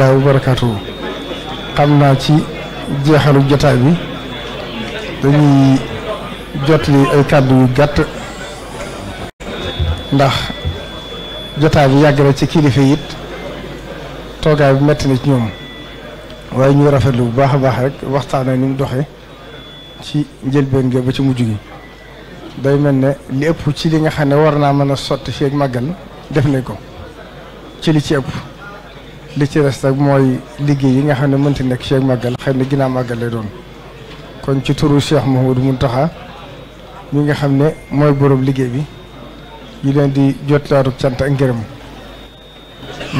rahmatullahi wa barakaatuhu xam naa ci jeexalu jotaay bi dañuy jotli ay kàddu yu gàtt ndax jotaay bi yàgg na ci kilifa yi toogaay bi metti na ci ñoom waaye ñu rafetlu bu baax a baax rek waxtaana ni mu doxe ci njëlbeen ga ba ci mujj gi day mel ne li ëpp ci li nga xam ne war naa mën a sotti fii màggal def nañ ko ci li ci ëpp li ci des mooy liggéey yi nga xam ne mënti nekk Cheikh Magal xëy na ginnaaw Magal lay doon kon ci turu Cheikh Mouhamadou Mountakha mi nga xam ne mooy borom liggéey bi ñu leen di jot laaru cant ak ngërëm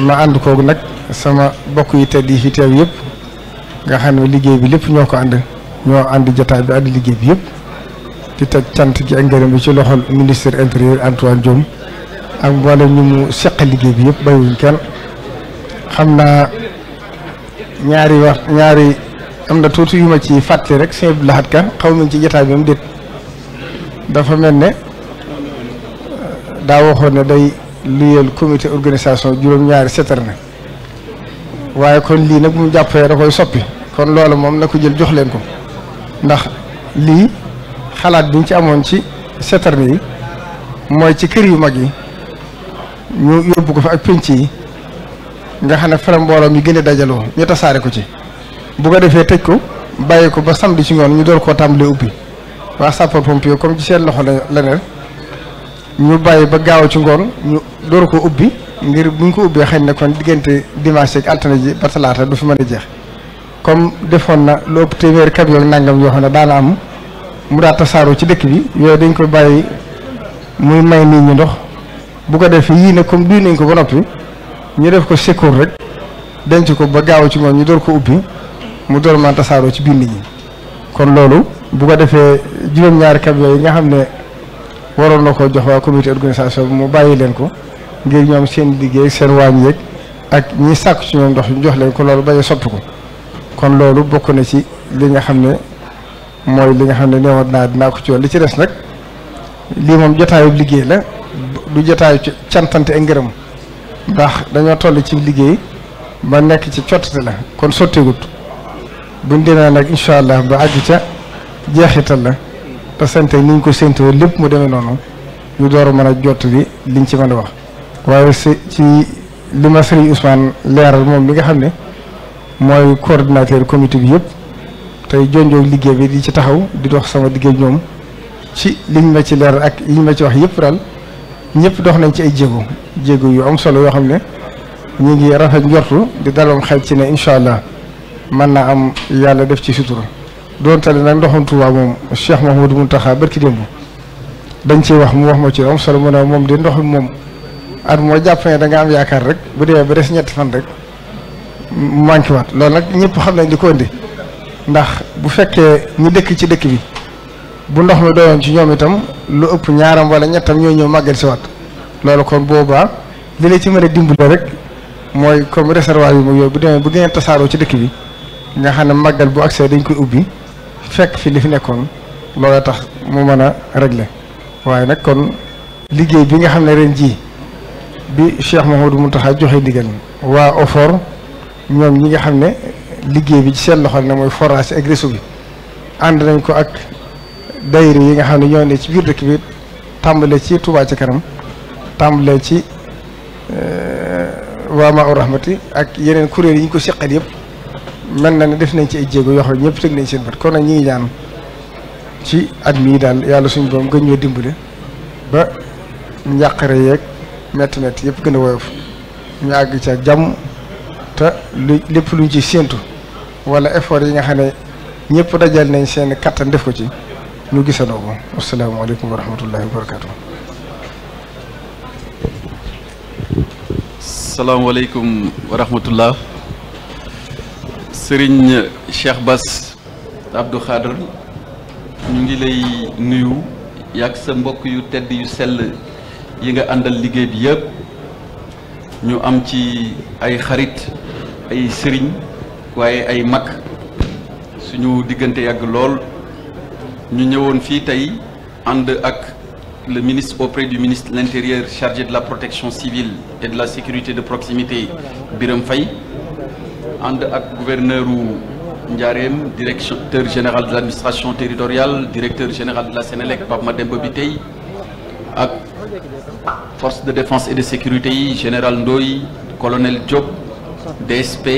ma ànd kooku nag sama bokk yi tedd yi fi teew yëpp nga xam ne liggéey bi lépp ñoo ko ànd ñoo ànd jataay bi ànd liggéey bi yëpp di teg cant gi ak ngërëm bi ci loxol ministre intérieur Antoine Diome ak mboolem ñu mu seq liggéey bi yëpp bàyyiwuñ kenn am na ñaari wax ñaari am na tuuti yu ma ci fàtte rek sëñ Abdou Lahad Ka xaw ma ci jotaay bi mu dégg dafa mel ne daa waxoon ne day luyeel comité organisation juróom-ñaari seetar na waaye kon lii nag bu mu jàppee da koy soppi kon loolu moom na ko jël jox leen ko ndax lii xalaat bi ñu ci amoon ci seetar yi mooy ci kër yu mag yi ñu yóbbu ko fa ak penc yi nga xam ne fere mbooloo mi gën a dajaloo ñu tasaare ko ci bu ko defee teg ko bàyyi ko ba samedi ci ngoon ñu door koo tàmbalee ubbi waa sapeur pompier comme ci seen loxo la ne ñu bàyyi ba gaaw ci ngoon ñu door ko ubbi ngir bu ñu ko ubbee xëy na kon diggante dimanche ak altine ji ba talaata du fi mën a jeex comme defoon na lu ëpp téeméeri camion ak nangam yoo xam ne daana am mu daa tasaaroo ci dëkk bi yooyu dañ ko bàyyi muy may nit ñi ndox bu ko defee yii nag comme duy nañ ko ba ñu def ko secours rek denc ko ba gaaw ci moom ñu door ko ubbi mu door man tasaaroo ci bind nit ñi kon loolu bu ko defee juróom-ñaari kab yi nga xam ne waroon na koo jox waa comité organisation bi mu bàyyi leen ko ngir ñoom seen liggéey seen waañ yeeg ak ñi sàkk ci ñoom ndox ñu jox leen ko loolu bañ a soppi ko kon loolu bokk na ci li nga xam ne mooy li nga xam ne neewoon naa dinaa ko ci woon li ci des nag lii moom jotaayu liggéey la du jotaayu cantante ak ngërëm ndax dañoo toll ci liggéey ba nekk ci cottite la kon sotteegut buñ demee nag incha allah ba àgg ca jeexital la te sante ni ñu ko séntoo lépp mu demee noonu ñu door a mën a jot li liñ ci mën a wax waaye si ci li ma sëriñ Ousmane leeral moom bi nga xam ne mooy coordinateur comité bi yëpp tey jonjoo liggéey bi di ci taxaw di dox sama liggéey ñoom ci liñ ma ci leeral ak liñ ma ci wax yëpp daal ñëpp dox nañ ci ay jéego jéego yu am solo yoo xam ne ñu ngi rafet njortu di daloon xel ci ne incha allah mën na am yàlla def ci sutura doonte ne nag ndoxam Tuubaa moom Cheikh Mouhamadou Mountakha barki démb dañ ciy wax mu wax ma ci am solo mu ne moom di ndox mi moom at moo jàpp ne nga am yaakaar rek bu dee ba des ñetti fan rek manqué waat loolu nag ñëpp xam nañ di ko indi ndax bu fekkee ñu dëkk ci dëkk bi. bu ndox mi doyoon ci ñoom itam lu ëpp ñaaram wala ñettam ñoo ñëw màggal si waat loolu kon boobaa li la ci mën a dimbale rek mooy comme réservoir yi mu yooyu bu demee bu gën a tasaaroo ci dëkk bi nga xam ne màggal bu accès dañ koy ubbi fekk fii li fi nekkoon loolu tax mu mën a régler waaye nag kon liggéey bi nga xam ne ren jii bi Cheikh Mouhamadou Mountakha joxe ndigal waa OFOR ñoom ñi nga xam ne liggéey bi ci seen loxo ne mooy forage ak réseau bi ànd nañ ko ak. dayre yi nga xam ne ñoo ne ci biir dëkk bi tàmbale ci Touba ci kanam tàmbale ci euh, waa Maa rahmati ak yeneen kuréel yi ñu ko seqal yëpp mel na ne def nañ ci ay jéego yoo xam ne ñëpp teg nañ seen bët kon nag ñu ngi ñaan ci at mii daal yàlla suñu boom gën ñoo dimbale ba njàqare yeeg metti metti yëpp gën a woyof ñu àgg ca jàmm te lu lépp luñ ci séentu wala effort yi nga xam ne ñëpp dajal nañ seen kattan def ko ci. ñu gisandoo ko asalaamaaleykum wa rahmatullahi wa barakaatu. salaamaaleykum wa rahmatullah sëriñ Cheikh Bass Abdou Khadr ñu ngi lay nuyu yàgg sa mbokk yu tedd yu sell yi nga àndal liggéey bi yëpp ñu am ci ay xarit ay sëriñ waaye ay mag suñu diggante yàgg lool. ñu ñëwoon fii tey ànd ak le ministre auprès du ministre de l'Intérieur chargé de la protection civile et de la sécurité de proximité biram Faye ànd ak gouverneur u Ndiarème directeur général de l'administration territoriale directeur général de la Sénélec Pape Mademba Bitèye ak force de défense et de sécurité y général Ndoye colonel Diop DSP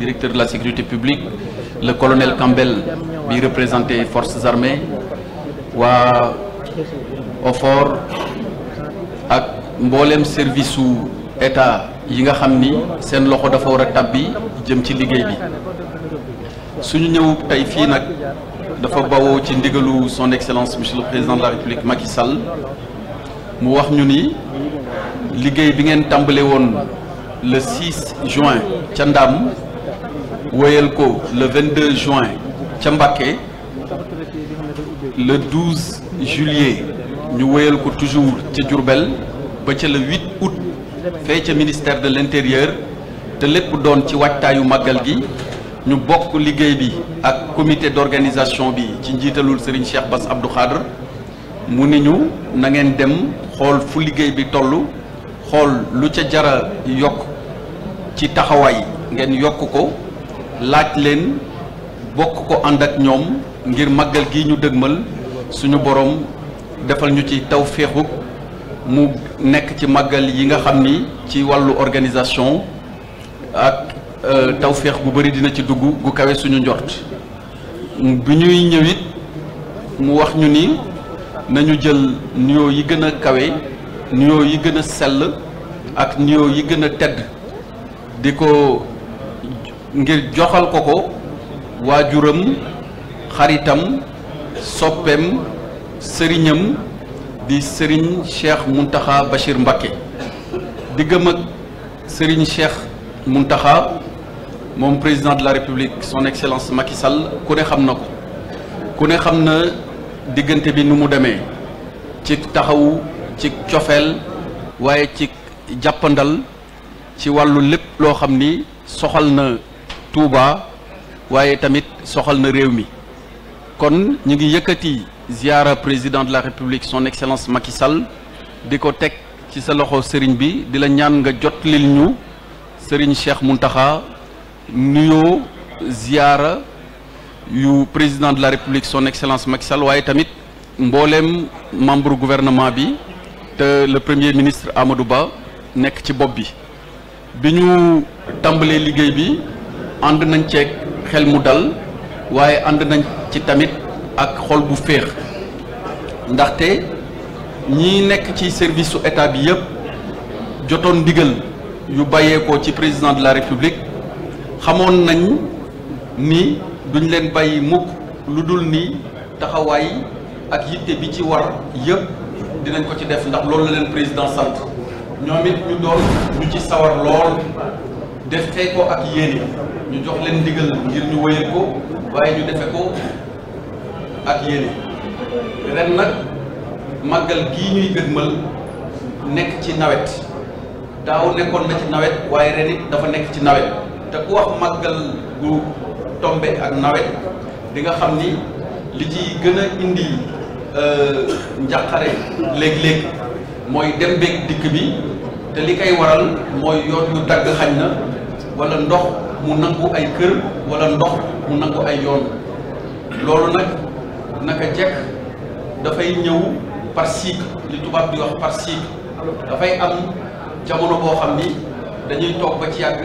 directeur de la sécurité publique le colonel Campbell bi représenté forces armées waa OFOR ak mbooleem service su état yi nga xam ni seen loxo dafa war a tàbbi jëm ci liggéey bi suñu ñëw tey fii nag dafa bawoo ci ndigalu son excellence monsieur président de la république Macky Sall mu wax ñu ni liggéey bi ngeen tàmbale woon le 6 juin ca Ndam woyal ko le 22 juin ca Mbacké le 12 juillet ñu wéyal ko toujours ca Diourbel ba ca le 8 août fee ca ministère de l'intérieur te lépp doon ci waajtaayu màggal gi ñu bokk liggéey bi ak comité d'organisation bi ci njiitalul Serigne Cheikh Bass Abdou Khadre mu ni ñu nangeen dem xool fu liggéey bi toll xool lu ca jara yokk ci taxawaay ngeen yokk ko laaj leen bokk ko ànd ak ñoom ngir màggal gi ñu dëgmal suñu boroom defal ñu ci taw mu nekk ci màggal yi nga xam ni ci wàllu organisation ak euh, taw féex bu bëri dina ci dugg gu kawe suñu njort bu ñuy ñëwit mu wax ñu ni nañu jël nuyoo yi gën a kawe nuyoo yi gën a sell ak nuyoo yi gën a tedd di ko ngir joxal ko ko waajuram xaritam soppeem sëriñam di sëriñ Cheikh Mountakha Bachir Mbacké diggam ak sëriñ Cheikh Mountakha moom président de la République son excellence Macky Sall ku ne xam na ko ku ne xam na diggante bi nu mu demee ci taxawu ci cofeel waaye ci jàppandal ci wàllu lépp loo xam ni soxal na Touba waaye tamit soxal na réew mi kon ñu ngi yëkkati ziara président de la république son excellence Macky Sall di ko teg ci sa loxo sëriñ bi di la ñaan nga jot li ñu sëriñ Cheikh Mountakha nuyoo ziara yu président de la république son excellence Macky Sall waaye tamit mbooleem membre gouvernement bi te le premier ministre Amadou Ba nekk ci bopp bi bi ñu tàmbalee liggéey bi ànd nañ ceeg xel mu dal waaye ànd nañ ci tamit ak xol bu féex ndaxte ñi nekk ci service su état bi yëpp jotoon ndigal yu bàyyeekoo ci président de la république xamoon nañ ni duñ leen bàyyi mukk lu dul ni taxawaay ak yitte bi ci war yëpp dinañ ko ci def ndax loolu la leen président sant ñoom ñu doon ñu ci sawar lool defee ko ak yéene ñu jox leen ndigal ngir ñu wëyal ko waaye ñu defe ko ak yéene ren nag màggal gii ñuy dëgmal nekk ci nawet daaw nekkoon na ci nawet waaye ren it dafa nekk ci nawet te ku wax màggal gu tombe ak nawet di nga xam ni li ci gën a indi euh, njàqare léeg-léeg mooy dem beeg dikk bi te li koy waral mooy yoon yu dagg xañ na wala ndox mu nangu ay kër walla ndox mu nangu ay yoon loolu nag naka jekk dafay ñëw par cycle li tubaab di wax par cycle dafay am jamono boo xam ni dañuy toog ba ci yàgg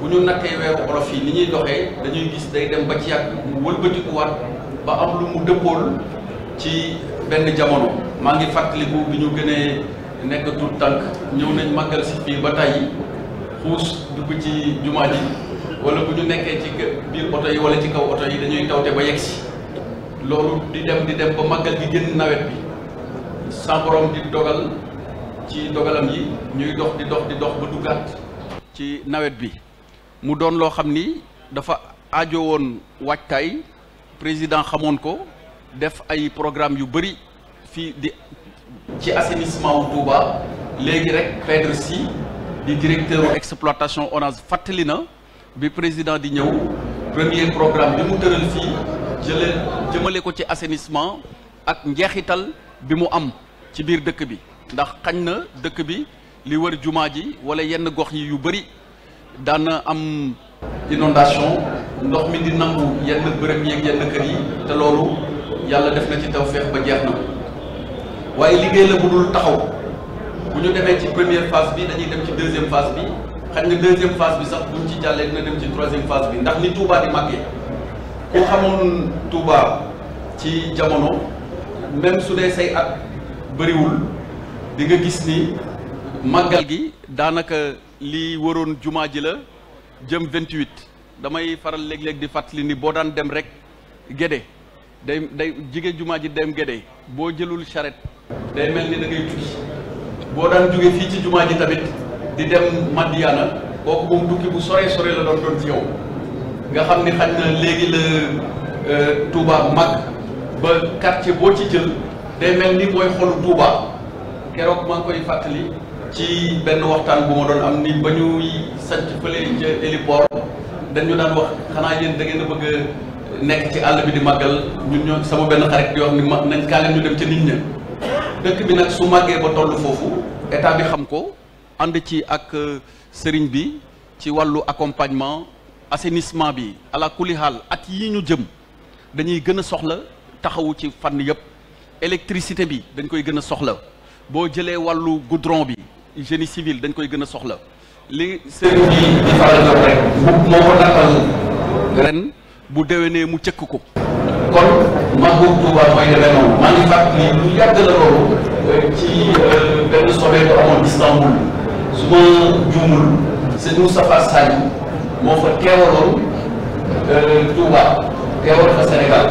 bu ñu nattee weeru olof yi ni ñuy doxee dañuy gis day dem ba ci yàgg mu wëlbatikuwaat ba am lu mu dëppool ci benn jamono maa ngi fàttaliku bi ñu gën nekk tout tànk ñëw nañ màggal si fii ba tey xuus dugg ci jumaa ji wala bu ñu nekkee ci biir oto yi wala ci kaw oto yi dañuy tawte ba yegg si loolu di dem di dem ba màggal gi génn nawet bi sa di dogal ci dogalam yi ñuy dox di dox di dox ba duggaat ci nawet bi mu doon loo xam ni dafa aajo woon waajtaay président xamoon ko def ay programme yu bëri fii di ci assainissement wu Touba léegi rek Pedre Sy di directeur exploitation ONAS fàttali na bi président di ñëw premier programme bi mu tëral fii jëlee jëmale ko ci assainissement ak njeexital bi mu am ci biir dëkk bi ndax xañ na dëkk bi li wër jumaa ji wala yenn gox yi yu bëri daana am inondation ndox mi di nangu yenn bërëb yi yenn kër yi te loolu yàlla def na ci tawfeex ba jeex na waaye liggéey la bu dul taxaw bu ñu demee ci première phase bi dañuy dem ci deuxième phase bi xam nga deuxième phase bi sax buñ ci jàllee nga dem ci troisième phase bi ndax ni Touba di màggee ku xamoon Touba ci jamono même su dee sey at bëriwul di nga gis ni màggal gi daanaka li waroon jumaa ji la jëm 28 damay faral léeg-léeg di fàttali ni boo daan dem rek Gédé day day jigéen jumaa ji dem Gédé boo jëlul charrette day mel ni da ngay boo daan jóge fii ci jumaa ji tamit di dem Madiana kooku moom tukki bu sore sore la doon doon ci yow nga xam ni xaj na léegi la euh, Touba mag ba quartier boo ci jël day mel ni mooy xolu Touba keroog maa koy fàttali ci benn waxtaan bu ma doon am ni ba ñuy sanc fële ca héliport dañu daan wax xanaa yéen da ngeen a bëgg nekk ci àll bi di màggal ñun ñoo sama benn xarit di wax ni ma nañ kaa leen ñu dem ca nit ña. dëkk bi nag su màggee ba toll foofu état bi xam ko ànd ci ak euh, sëriñ bi ci wàllu accompagnement assainissement bi ala at yi ñu jëm dañuy gën a soxla taxawu ci fànn yëpp électricité bi dañ koy gën a soxla boo jëlee wàllu goudron bi génie civil dañ koy gën a soxla li sëriñ bi di faral la rek moo ko nattal ren bu déwénee mu cëkk ko Màggal Touba mooy demee noonu maa ngi fàttali lu yàgg la loolu euh, ci euh, benn soirée bu amoon Istanbul su ma juumul sëñ Moustapha Sall moo fa teewaloon euh, Touba teewal fa Sénégal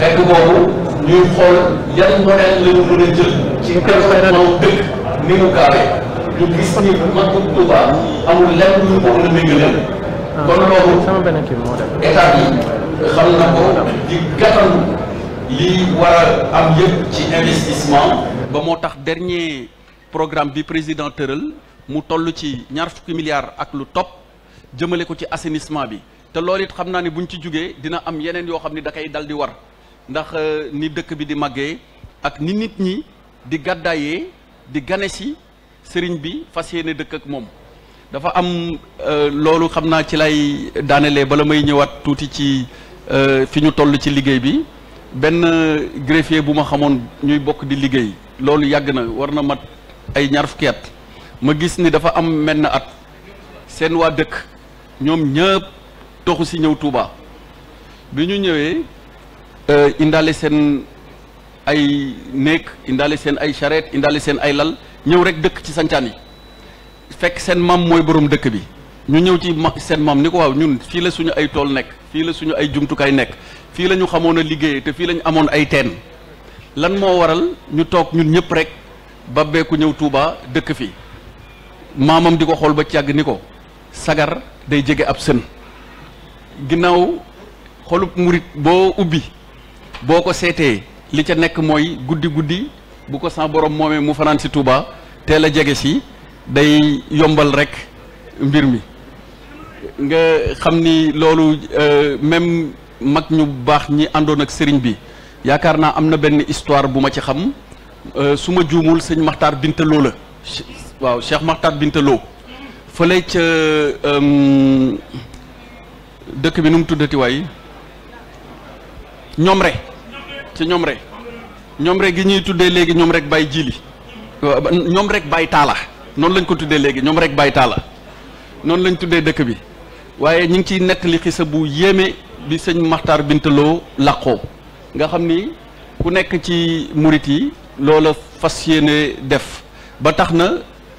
fekk boobu ñuy xool yan modèle la ñu mën a jël ci développement dëkk ni mu gaawee ñu gis ni Màggal Touba amul lenn lu ñu ko mën a méngale ah, kon loolu état bi xam na ko di gàttal li war a am yëpp ci investissement. ba moo tax dernier programme bi président tëral mu toll ci ñaar fukki milliards ak lu topp jëmale ko ci assainissement bi te loolu it xam naa ne buñ ci jógee dina am yeneen yoo xam ni da koy dal di war ndax euh, ni dëkk bi di màggee ak ni nit ñi di gàddaayee di gane si sëriñ bi fas yéene dëkk ak moom. dafa am euh, loolu xam naa ci lay daanelee bala may ñëwaat tuuti ci euh, fi ñu toll ci liggéey bi. benn greffier bu ma xamoon ñuy bokk di liggéey loolu yàgg na war na mat ay ñaar fukki at ma gis ni dafa am menn at seen waa dëkk ñoom ñëpp toxu si ñëw Touba bi ñu ñëwee euh, indaale seen ay néeg indaale seen ay charrette indaale seen ay lal ñëw rek dëkk ci sancaan yi fekk seen maam mooy borom dëkk bi ñu ñëw ci seen maam ni ko waaw ñun fii la suñu ay tool nekk fii la suñu ay jumtukaay nekk fii la ñu xamoon a liggéey te fii lañu amoon ay teen lan moo waral ñu toog ñun ñëpp rek ba beeku ñëw Touba dëkk fi maamam di ko xool ba càgg ni ko sagar day jege ab sën ginnaaw xolub murit boo ubbi boo ko seetee li ca nekk mooy guddi guddi bu ko saa borom moomee mu fanaan si Touba teel a jege si day yombal rek mbir mi nga xam ni loolu euh, même mag ñu baax ñi àndoon ak sëriñ bi yaakaar naa am na benn histoire bu ma ci xam euh, su ma juumul sëñ Maxtaar Bintaloo la waaw Cheikh Maxtaar Bintaloo fële ca euh, dëkk bi nu mu tuddati waay ñoom rek ci ñoom re ñoom rek gi ñuy tuddee léegi ñoom rek bàyyi jili ñoom rek bàyyi taala noonu lañ ko tuddee léegi ñoom rek bàyyi taala noonu lañ tuddee dëkk bi waaye ñu ngi ciy nettali xisa bu yéeme bi sëñ Maxtaar Bintaloo làqoo nga xam ni ku nekk ci murit yi loola fas yéene def ba tax na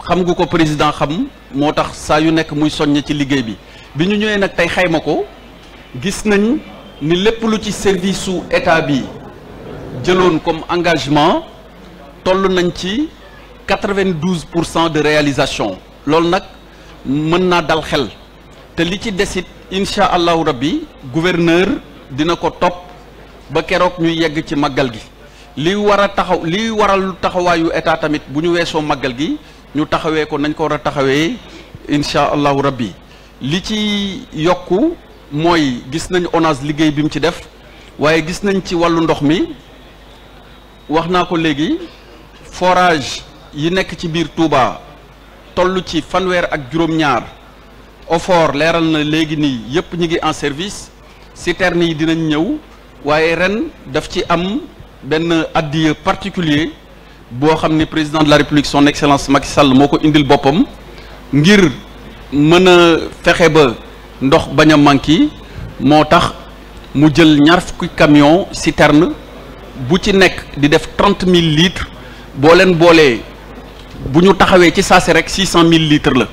xam nga ko président xam moo tax saa yu nekk muy soññ ci liggéey bi bi ñu ñëwee nag tey xayma ko gis nañ ni lépp lu ci service su état bi jëloon comme engagement toll nañ ci 92 pour cent de réalisation loolu nag mën naa dal xel te li ci desit incha allahu rabbi gouverneur dina ko topp ba keroog ñuy yegg ci màggal gi li war taxaw li waral taxawaayu état tamit bu ñu weesoo màggal gi ñu taxawee ko nañ ko war a taxawee incha allahu rabbi li ci yokku mooy gis nañ ONAS liggéey bi mu ci def waaye gis nañ ci wàllu ndox mi wax naa ko léegi forage yi nekk ci biir Touba toll ci fanweer ak juróom-ñaar Ofor leeral na léegi nii yëpp ñu ngi en service citernes yi dinañ ñëw waaye ren daf ci am benn addiya particulier boo xam ne président de la république son excellence Macky Sall moo ko indil boppam ngir mën a fexe ba ndox bañ a manqué moo tax mu jël ñaar fukki camion citerne bu ci nekk di def trente mille litres boo leen boolee bu ñu taxawee ci saasi rek six cent mille litres la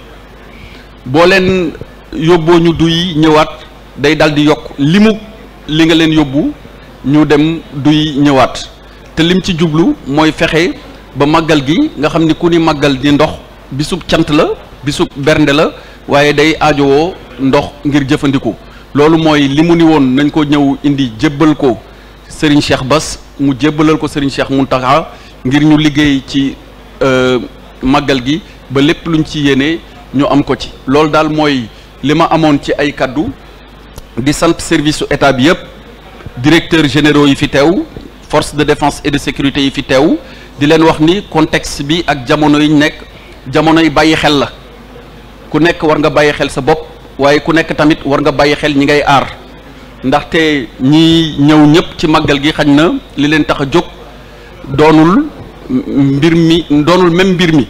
boo leen yóbboo ñu duy ñëwaat day dal di yokk limu li nga leen yóbbu ñu dem duy ñëwaat te lim ci jublu mooy fexe ba màggal gi nga xam ni ku ni màggal di ndox bisub cant la bisub bernde la waaye day aajowoo ndox ngir jëfandiku loolu mooy li mu ni woon nañ ko ñëw indi jébbal ko sëriñ Cheikh Bass mu jébbalal ko Serigne Cheikh Mountakha ngir ñu liggéey ci euh, màggal gi ba lépp luñ ci yéene. ñu am ko ci loolu daal mooy li ma amoon ci ay kàddu di sant service su état bi yëpp directeur généraux yi fi teew force de défense et de sécurité yi fi tew di leen wax ni contexte bi ak jamono yi nekk jamono yi bàyyi xel la ku nekk war nga bàyyi xel sa bopp waaye ku nekk tamit war nga bàyyi xel ñi ngay aar ndaxte ñi ñëw ñëpp ci màggal gi xañ na li leen tax a jóg doonul mbir mi doonul même mbir mi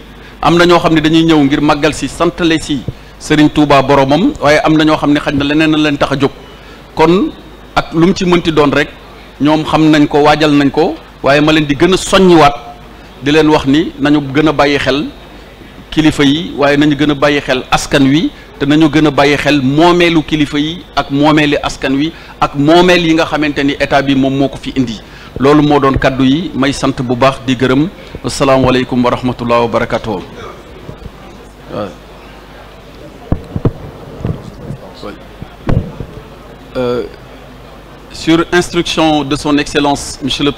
am na ñoo xam ne dañuy ñëw ngir màggal si santale si Serigne Touba boromam waaye am na ñoo xam ne xaj na leneen na leen tax a jóg kon ak lu mu ci mënti doon rek ñoom xam nañ ko waajal nañ ko waaye ma leen di gën a soññiwaat di leen wax ni nañu gën a bàyyi xel kilifa yi waaye nañu gën a bàyyi xel askan wi te nañu gën a bàyyi xel moomeelu kilifa yi ak moomeeli askan wi ak moomeel yi nga xamante ni état bi moom moo ko fi indi. loolu moo doon kàddu yi may sant bu baax di gërëm asalaamaaleykum wa rahmatullah wa barakatuh sur instruction de son excellence monsieur le